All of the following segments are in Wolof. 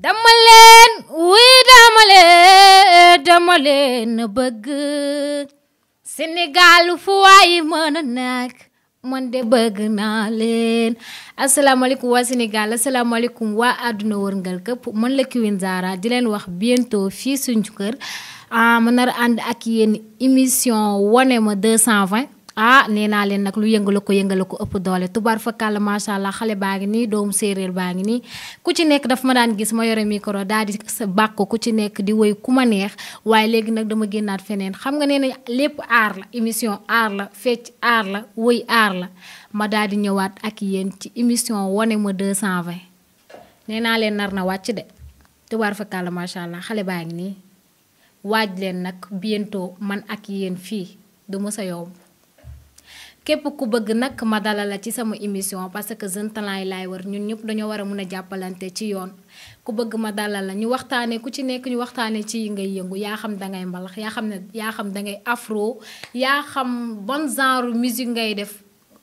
dama leen wuy dama leen dama leen bëgg Sénégal fu waay mën a nekk man de bëgg naa leen asalaamaaleykum waa Sénégal asalaamaaleykum waa àdduna wërngal këpp mën la Queen di leen wax bientôt fii suñu kër ah ma nar ànd ak yéen émission wane ma 220 ah nee naa leen nag lu yëngala ko yëngala ko ëpp doole tubaar fakàlla macha allah xale baa ngi nii doomu séeréer baa ngi nii ku ci nekk daf ma daan gis ma yore micro daal di sa bàkk ku ci nekk di woy ku ma neex waaye léegi nag dama génnaat feneen xam nga nee na lépp aar la émission aar la fecc aar la woy aar la ma daal di ñëwaat ak yéen ci émission wane ma 220 nee naa leen nar na wàcc de tubaar fakàlla macha allah xale baa ngi nii. waaj leen nag bientôt man ak yéen fii du mësa yomb képp ku bëgg nag ma dalal la ci sama émission parce que Jeunes Talents yi laay war ñun ñëpp dañoo war a mun a jàppalante ci yoon ku bëgg ma dalal la ñu waxtaanee ku ci nekk ñu waxtaanee ci yi ngay yëngu yaa xam dangay mbalax yaa xam ne yaa xam dangay afro yaa xam bon genre musique ngay def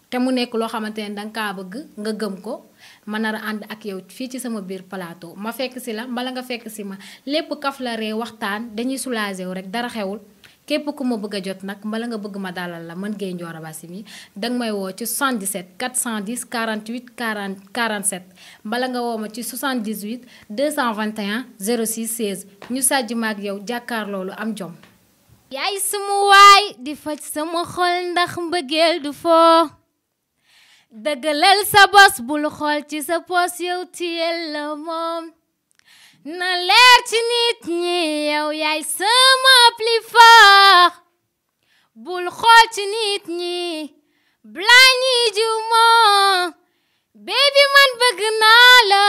te mu nekk loo xamante ne danga kaa bëgg nga gëm ko ma nar a ànd ak yow fii ci sama biir plateau ma fekk si la mbala nga fekk si ma lépp kaf la ree waxtaan dañuy soulager wu rek dara xewul képp ku ma bëgg a jot nag mbala nga bëgg ma dalal la mën Gaye Ndioro Bassimi danga may woo ci 77 410 48 40 47 mbala nga woo ma ci 78 221 06 16 ñu sàjj ma ak yow jàkkaar loolu am jom. yaay sama waay di faj sama xol ndax mbëggeel du foo. dëggalal sa bos bul xool ci sa poos yow tiyel la moom na leer ci nit ñi yow yaay sama pli bul xool ci nit ñi bla juma baby man bëgg naa la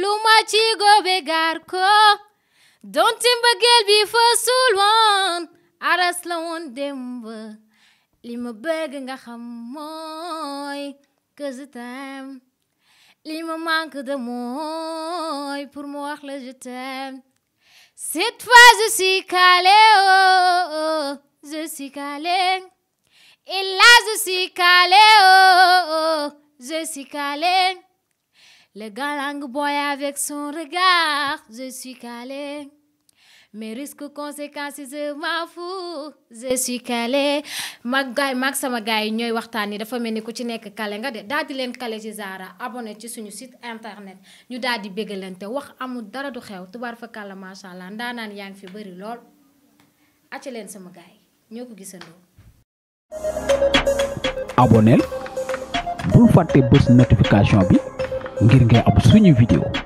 lu ma ci góobe gaar ko donte mbëggeel bi fa suul aras la woon démb li ma bëgg nga xam mooy que je t'aime li ma manque de mooy pour mu wax la je t'aime cette fois je suis calé oh, oh je suis calé et là je suis calé oh, oh je suis calé le galang boy avec son regard je suis calé mais risque conséquences yi je m'en fous je mag gaay mag sama gaay yi ñooy waxtaan ni dafa mel ni ku ci nekk calé nga de daal di leen calé ci Zara abonné ci suñu site internet ñu daal di béggalante wax amul dara du xew tubaar fa kàlla macha allah ndaanaan yaa ngi fi bëri lool acca leen sama gaay yi ñoo ko gisandoo. aboneel bul fàtte bés notification bi ngir ngay am suñu vidéo.